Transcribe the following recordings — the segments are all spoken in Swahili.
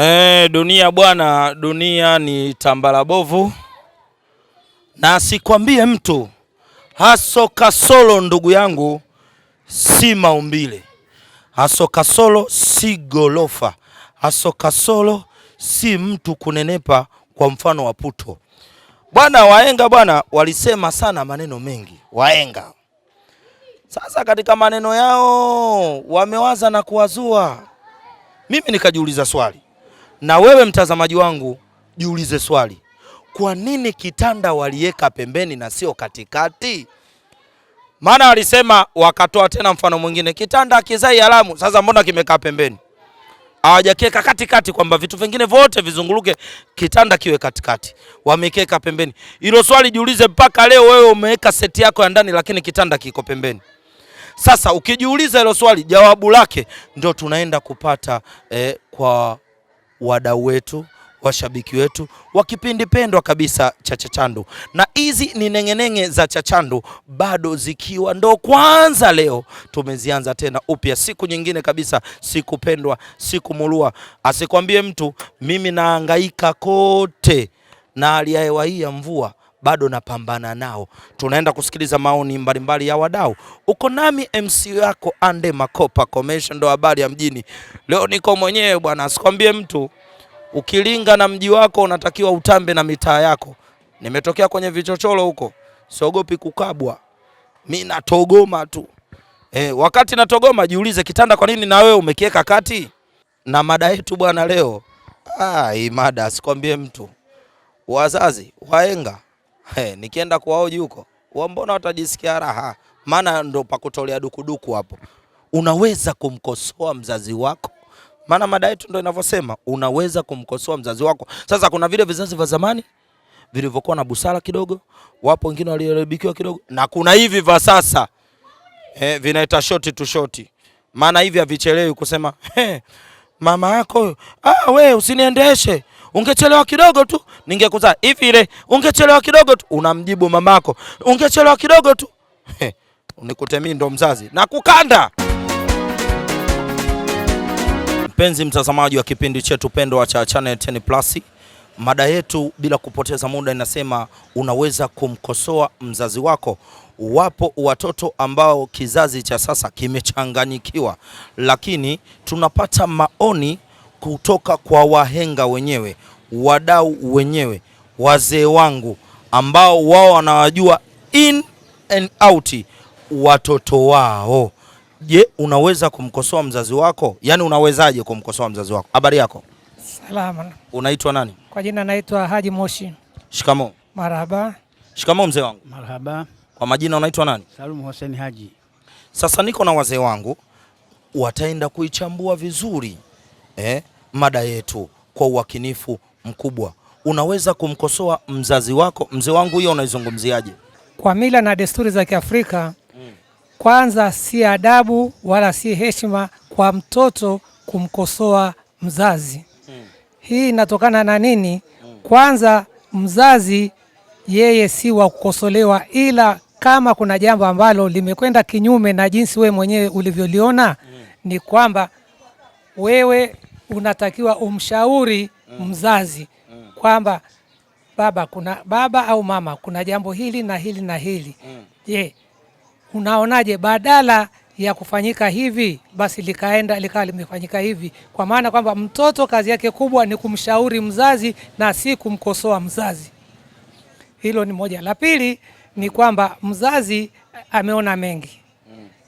E, dunia bwana, dunia ni tambala bovu, na sikwambie mtu haso kasolo, ndugu yangu, si maumbile haso kasolo, si gorofa haso kasolo, si mtu kunenepa, kwa mfano wa puto bwana. Waenga bwana walisema sana maneno mengi waenga. Sasa katika maneno yao wamewaza na kuwazua, mimi nikajiuliza swali na wewe mtazamaji wangu, jiulize swali, kwa nini kitanda waliweka pembeni na sio katikati? Maana alisema wakatoa tena mfano mwingine, kitanda kizai alamu. Sasa mbona kimekaa pembeni? Hawajakeka katikati, kwamba vitu vingine vyote vizunguluke, kitanda kiwe katikati, wamekeka pembeni. Hilo swali jiulize mpaka leo. Wewe umeweka seti yako ya ndani, lakini kitanda kiko pembeni. Sasa ukijiuliza hilo swali, jawabu lake ndio tunaenda kupata eh, kwa wadau wetu, washabiki wetu wa kipindi pendwa kabisa cha Chachandu, na hizi ni neng'enenge za Chachandu bado zikiwa ndo kwanza leo tumezianza tena upya, siku nyingine kabisa, siku pendwa, siku mulua. Asikwambie mtu mimi naangaika kote na hali ya hewa hii ya mvua bado napambana nao. Tunaenda kusikiliza maoni mbalimbali ya wadau. Uko nami MC yako Ande Makopa Komesha, ndo habari ya mjini. Leo niko mwenyewe bwana, sikwambie mtu. Ukilinga na mji wako unatakiwa utambe na mitaa yako. Nimetokea kwenye vichochoro huko, siogopi kukabwa, mi natogoma tu e. Wakati natogoma, jiulize kitanda, kwa nini na wewe umekiweka kati? Na mada yetu bwana leo, ah, mada sikwambie mtu, wazazi waenga Hey, nikienda kwa hoji huko mbona watajisikia raha, maana ndo pakutolea dukuduku hapo. Unaweza kumkosoa mzazi wako, maana mada yetu ndo inavyosema, unaweza kumkosoa mzazi wako. Sasa kuna vile vizazi vya zamani vilivyokuwa na busara kidogo, wapo wengine walioharibikiwa kidogo, na kuna hivi vya sasa eh, vinaita shoti tu shoti, maana hivi havichelewi kusema hey, mama yako ah, we usiniendeshe ungechelewa kidogo tu ningekuza hivi ile, ungechelewa kidogo tu unamjibu mamako, ungechelewa kidogo tu unikute mimi ndo mzazi na kukanda. Mpenzi mtazamaji wa kipindi chetu pendwa cha Channel 10 Plus, mada yetu bila kupoteza muda inasema unaweza kumkosoa mzazi wako. Wapo watoto ambao kizazi cha sasa kimechanganyikiwa, lakini tunapata maoni kutoka kwa wahenga wenyewe, wadau wenyewe, wazee wangu ambao wao wanawajua in and out watoto wao. Je, unaweza kumkosoa mzazi wako? Yaani, unawezaje kumkosoa mzazi wako? Habari yako? Salama. Unaitwa nani? Kwa jina naitwa Haji Moshi. Shikamo. Marhaba. Shikamo mzee wangu. Marhaba. Kwa majina unaitwa nani? Salum Hussein Haji. Sasa niko na wazee wangu wataenda kuichambua vizuri eh? mada yetu kwa uwakinifu mkubwa. Unaweza kumkosoa mzazi wako. Mzee wangu, hiyo unaizungumziaje? Kwa mila na desturi za Kiafrika, kwanza si adabu wala si heshima kwa mtoto kumkosoa mzazi. Hii inatokana na nini? Kwanza mzazi yeye si wa kukosolewa, ila kama kuna jambo ambalo limekwenda kinyume na jinsi wewe mwenyewe ulivyoliona, ni kwamba wewe unatakiwa umshauri mm. mzazi mm. kwamba baba, kuna baba au mama, kuna jambo hili na hili na hili, mm. je, unaonaje badala ya kufanyika hivi basi likaenda likawa limefanyika hivi, kwa maana kwamba mtoto kazi yake kubwa ni kumshauri mzazi na si kumkosoa mzazi. Hilo ni moja. La pili ni kwamba mzazi ameona mengi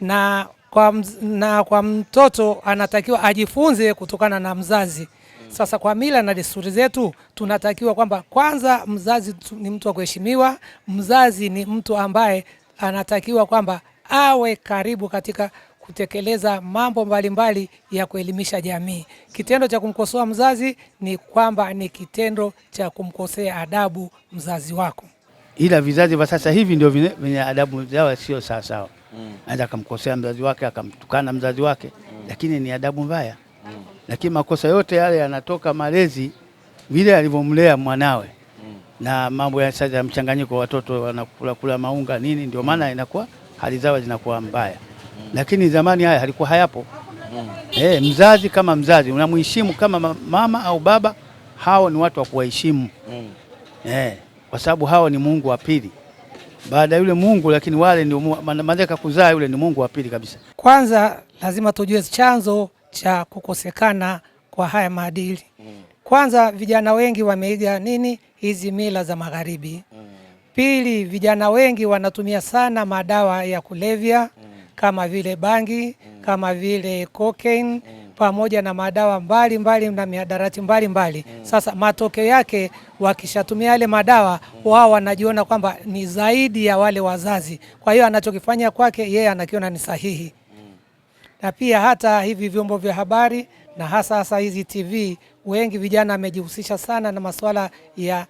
na kwa na kwa mtoto anatakiwa ajifunze kutokana na mzazi. Mm. Sasa kwa mila na desturi zetu tunatakiwa kwamba kwanza mzazi ni mtu wa kuheshimiwa, mzazi ni mtu ambaye anatakiwa kwamba awe karibu katika kutekeleza mambo mbalimbali mbali ya kuelimisha jamii. Kitendo cha kumkosoa mzazi ni kwamba ni kitendo cha kumkosea adabu mzazi wako ila vizazi vya sasa hivi ndio vyenye adabu zao sio sawasawa. Mm. Anaweza akamkosea mzazi wake akamtukana mzazi wake mm. lakini ni adabu mbaya mm. lakini makosa yote yale yanatoka malezi, vile alivyomlea mwanawe mm. na mambo ya sasa ya mchanganyiko, watoto wanakula kula maunga nini, ndio maana mm. inakuwa hali zao zinakuwa mbaya mm. lakini zamani haya halikuwa hayapo mm. Hey, eh, mzazi kama mzazi unamheshimu kama mama au baba, hao ni watu wa kuwaheshimu mm. hey. Eh kwa sababu hawa ni Mungu wa pili baada ya yule Mungu, lakini wale ndio malaika kuzaa, yule ni Mungu wa pili kabisa. Kwanza lazima tujue chanzo cha kukosekana kwa haya maadili. Kwanza vijana wengi wameiga nini hizi mila za magharibi. Pili, vijana wengi wanatumia sana madawa ya kulevya kama vile bangi, kama vile cocaine pamoja na madawa mbalimbali mbali, na mihadarati mbalimbali mbali. Mm. Sasa matokeo yake wakishatumia yale madawa mm. wao wanajiona kwamba ni zaidi ya wale wazazi, kwa hiyo anachokifanya kwake yeye anakiona ni sahihi mm. na pia hata hivi vyombo vya habari na hasa hasa hizi TV, wengi vijana wamejihusisha sana na masuala ya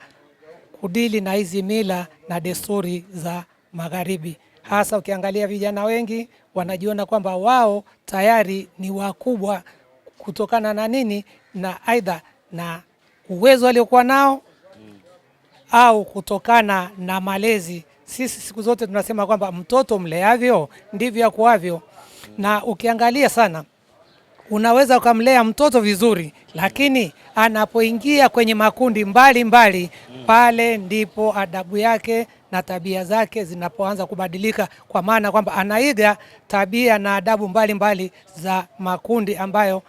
kudili na hizi mila na desturi za magharibi. Hasa ukiangalia vijana wengi wanajiona kwamba wao tayari ni wakubwa kutokana na nini, na aidha na uwezo aliokuwa nao au kutokana na malezi. Sisi siku zote tunasema kwamba mtoto mleavyo ndivyo akuavyo, na ukiangalia sana unaweza ukamlea mtoto vizuri, lakini anapoingia kwenye makundi mbalimbali mbali, pale ndipo adabu yake na tabia zake zinapoanza kubadilika, kwa maana kwamba anaiga tabia na adabu mbalimbali mbali za makundi ambayo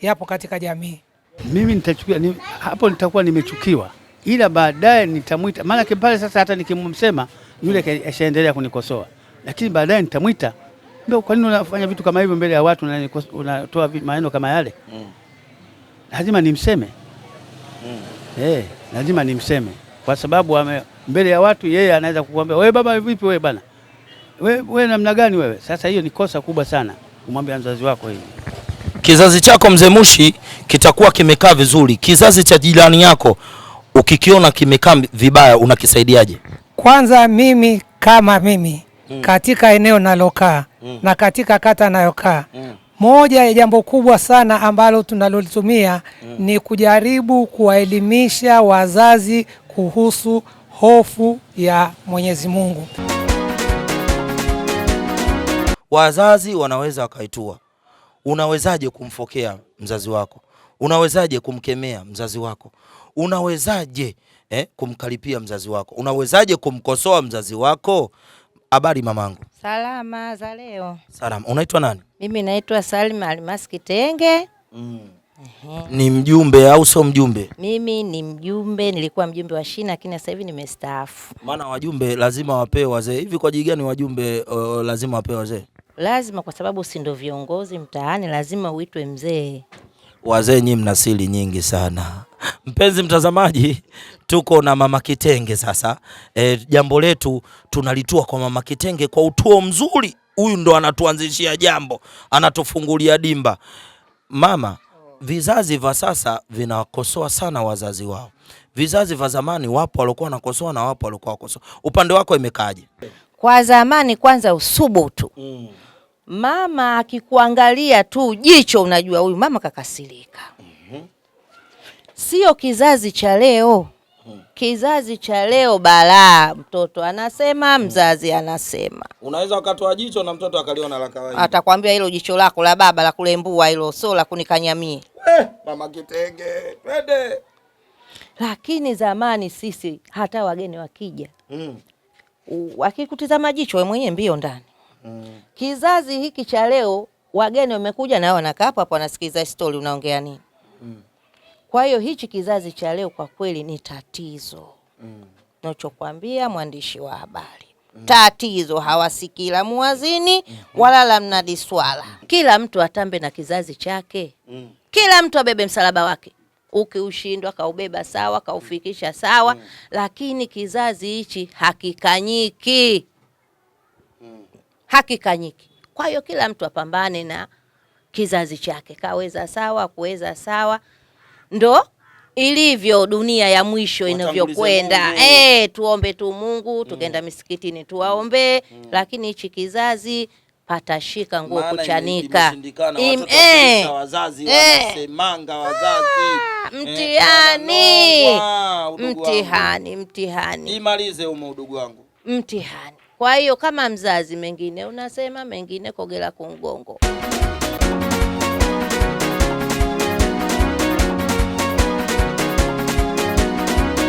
yapo katika jamii. Mimi nitachukia ni, hapo nitakuwa nimechukiwa, ila baadaye nitamwita, maanake pale sasa hata nikimsema yule ashaendelea kunikosoa, lakini baadaye nitamwita mbona, kwa nini unafanya vitu kama hivyo mbele ya watu na unatoa maneno kama yale? Mm. Lazima mm. nimseme mm eh, lazima nimseme kwa sababu ame, mbele ya watu yeye anaweza kukuambia wewe baba vipi wewe bana We, we, namna gani wewe. Sasa hiyo ni kosa kubwa sana kumwambia mzazi wako hivi. Kizazi chako mzee Mushi kitakuwa kimekaa vizuri, kizazi cha jirani yako ukikiona kimekaa vibaya unakisaidiaje? Kwanza mimi kama mimi hmm, katika eneo nalokaa hmm, na katika kata nayokaa hmm, moja ya jambo kubwa sana ambalo tunalolitumia mm. ni kujaribu kuwaelimisha wazazi kuhusu hofu ya Mwenyezi Mungu. Wazazi wanaweza wakaitua. Unawezaje kumfokea mzazi wako? Unawezaje kumkemea mzazi wako? Unawezaje eh, kumkaripia mzazi wako? Unawezaje kumkosoa mzazi wako? Habari mamangu. Salama za leo. Salama. Unaitwa nani? Mimi naitwa Salma Almas Kitenge. Mm. Ni mjumbe au sio mjumbe? Mimi ni mjumbe, nilikuwa mjumbe wa shina lakini sasa hivi nimestaafu. Maana wajumbe lazima wapewe wazee. Hivi kwa jiji gani wajumbe uh, lazima wapewe wazee? Lazima kwa sababu si ndio viongozi mtaani, lazima uitwe mzee. Wazee nyinyi mna siri nyingi sana. Mpenzi mtazamaji, tuko na mama Kitenge sasa. E, jambo letu tunalitua kwa mama Kitenge kwa utuo mzuri. Huyu ndo anatuanzishia jambo, anatufungulia dimba. Mama, vizazi vya sasa vinakosoa sana wazazi wao. Vizazi vya zamani wapo walikuwa wanakosoa na wapo walikuwa wakosoa. Upande wako imekaaje? Kwa zamani kwanza usubutu mm mama akikuangalia tu jicho, unajua huyu mama kakasirika. mm -hmm. Sio kizazi cha leo mhm. kizazi cha leo balaa. Mtoto anasema, mzazi anasema. Unaweza ukatoa jicho na mtoto akaliona la kawaida, atakwambia hilo jicho lako la baba la kulembua hilo, sio la kunikanyamie eh, mama kitenge twende. Lakini zamani sisi hata wageni wakija, mm. wakikutizama jicho, we mwenyewe mbio ndani mm. Kizazi hiki cha leo wageni wamekuja na wanakaa hapo hapo wanasikiliza story unaongea nini mm. Kwa hiyo hichi kizazi cha leo kwa kweli ni tatizo mm. Nachokwambia mwandishi wa habari mm. Tatizo hawasikila muwazini muazini mm wala la mnadi swala mm. Kila mtu atambe na kizazi chake mm. Kila mtu abebe msalaba wake ukiushindwa kaubeba sawa, kaufikisha sawa mm. Lakini kizazi hichi hakikanyiki hakikanyiki. Kwa hiyo kila mtu apambane na kizazi chake, kaweza sawa, kuweza sawa, ndo ilivyo dunia ya mwisho inavyokwenda. E, tuombe tu Mungu, tukaenda mm. misikitini tuwaombee mm. lakini hichi kizazi patashika nguo kuchanika. Eh. wazazi eh. wanasemanga wazazi ah, mtihani mtihani mtihani, imalize ume udugu wangu mtihani kwa hiyo kama mzazi, mengine unasema, mengine kogela kumgongo.